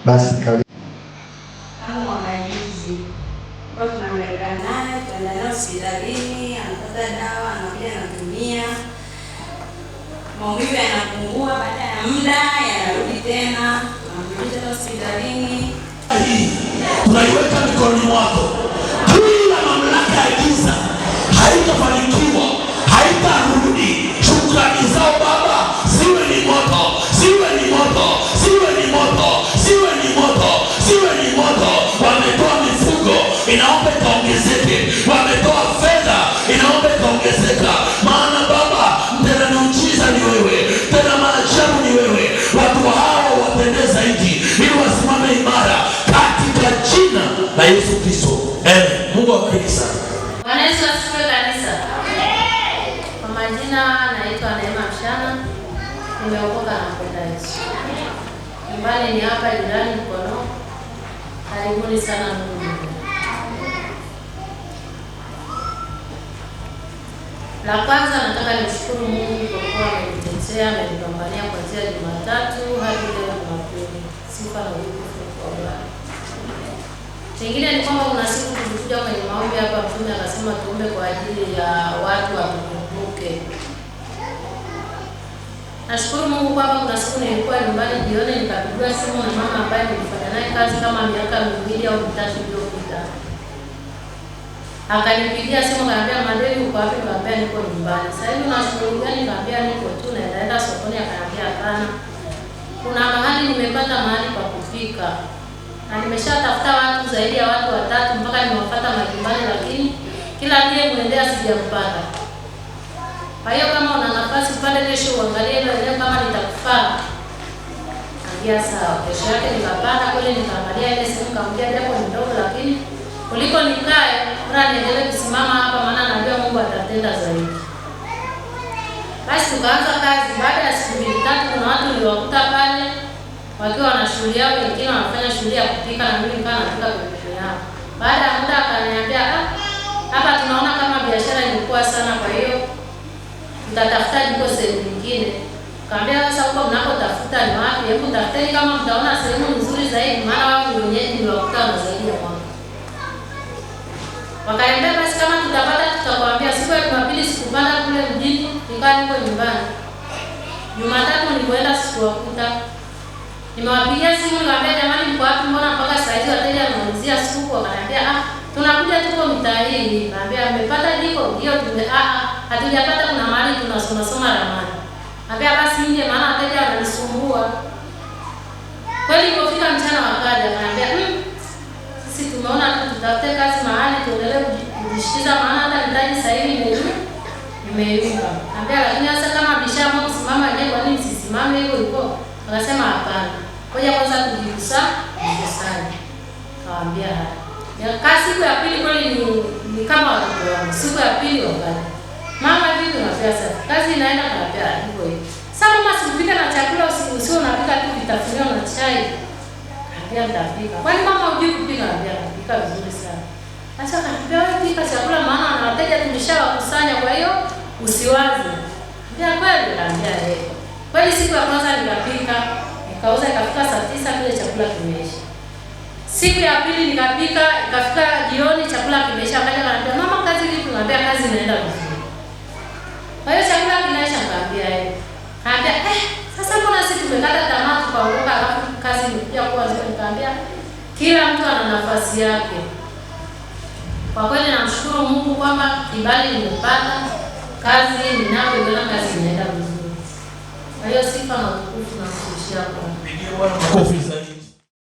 basi kali naye, dawa, anakuja anatumia, maumivu yanapungua, baada ya muda yanarudi tena, tunamrudisha hospitalini. Tunaiweka mikononi mwako. na Yesu Kristo. Eh, Mungu akubariki sana. Bwana Yesu asifiwe kanisa. Kwa majina naitwa Neema Mshana. Nimeokoka na kwenda Yesu. Nyumbani ni hapa jirani mkono. Karibuni sana Mungu. La kwanza nataka nishukuru Mungu kwa kuwa amenitetea, amenipambania kuanzia Jumatatu hadi leo Jumapili. Sifa na utukufu kwa Bwana. Chengine ni kwamba kuna siku tulikuja kwenye maombi hapa, mtume akasema tuombe kwa ajili ya watu watukumbuke. Nashukuru Mungu kwamba kuna siku nilikuwa nyumbani jioni, nikapigiwa simu na mama ambaye nilifanya naye kazi kama miaka miwili au mitatu iliyopita. Akanipigia simu akaniambia, Madeni, uko wapi? Nikamwambia niko nyumbani. Sasa hivi nashukuru gani? Nikamwambia niko tu naenda sokoni. Akaniambia hapana, kuna mahali nimepata mahali pa kufika na nimeshatafuta watu zaidi ya watu watatu mpaka nimewapata majumbani, lakini kila aliyemwendea sijampata. Kwa hiyo kama una nafasi pale kesho uangalie ile eneo, kama nitakufaa. angia sawa. Kesho yake nikapanda kule nikaangalia ile sehemu, kaambia japo ni ndogo, lakini kuliko nikae bora niendelee kusimama hapa, maana najua Mungu atatenda zaidi. Basi tukaanza kazi. Baada ya siku mbili tatu, kuna watu niliwakuta wakiwa wana shughuli yao, wengine wanafanya shughuli ya kupika na mimi nikawa napika mtu yao. Baada ya muda akaniambia, ah, hapa tunaona kama biashara ilikuwa sana, kwa hiyo mtatafuta jiko sehemu nyingine. Kaambia sasa, huko mnapotafuta ni wapi? Hebu tafuteni kama mtaona sehemu nzuri zaidi, maana wao ni wenyeji ni wakutana zaidi ya kwangu. Wakaniambia basi, kama tutapata tutakwambia. Siku ya Jumapili sikupanda kule mjini, nikaa niko nyumbani. Jumatatu nilipoenda sikuwakuta. Nimewapigia simu niwaambia, jamani, mko wapi? Mbona mpaka saa hizi wateja wanauzia supu? Wakaniambia ah, tunakuja tuko mitaa hii. Nikamwambia mmepata jiko? hiyo? tume ah ah, hatujapata, kuna mahali tunasoma soma ramani. Ambia basi nje, maana wateja wananisumbua. Kweli ilipofika mchana wakaja, akaniambia mm, sisi tumeona tu tutafute kazi mahali tuendelee kujishikiza, maana hata mtaji sasa hivi ni nimeiva. Ambia lakini sasa kama bishamo kusimama, je, kwa nini msisimame hivyo hivyo? Akasema hapana. Ngoja kwanza kujiusa kusali. Kawaambia haya. Kaa siku ya pili kweli ni, ni kama watoto wangu. Siku ya pili wakati. Mama vipi unafanya sasa? Kazi inaenda na pia hivyo hivyo. Sasa mama sikupika na chakula usiku usio unapika tu vitafunio na chai. Kaambia nitapika. Kwani mama hujui kupika? Kaambia napika vizuri sana. Sasa kaambia wewe pika chakula maana na wateja tumeshawakusanya kwa hiyo usiwaze. Kaambia kweli kaambia yeye. Eh. Kweli siku ya kwanza nikapika. Kauza ikafika saa tisa, kile chakula kimeisha. Siku ya pili nikapika, ikafika jioni chakula kimeisha. Akaja kanambia, mama, kazi vipi? Nikamwambia kazi inaenda vizuri. Kwa hiyo chakula kinaisha, nkaambia yeye. kaambia, eh, sasa mbona sisi tumekata tamaa tukaondoka, alafu kazi ilikuja kuwa nzuri? Nikaambia kila mtu ana nafasi yake. Kwa kweli namshukuru Mungu kwamba kibali nimepata kazi ninayoiona, kazi inaenda vizuri. Kwa hiyo sifa na utukufu na 过去。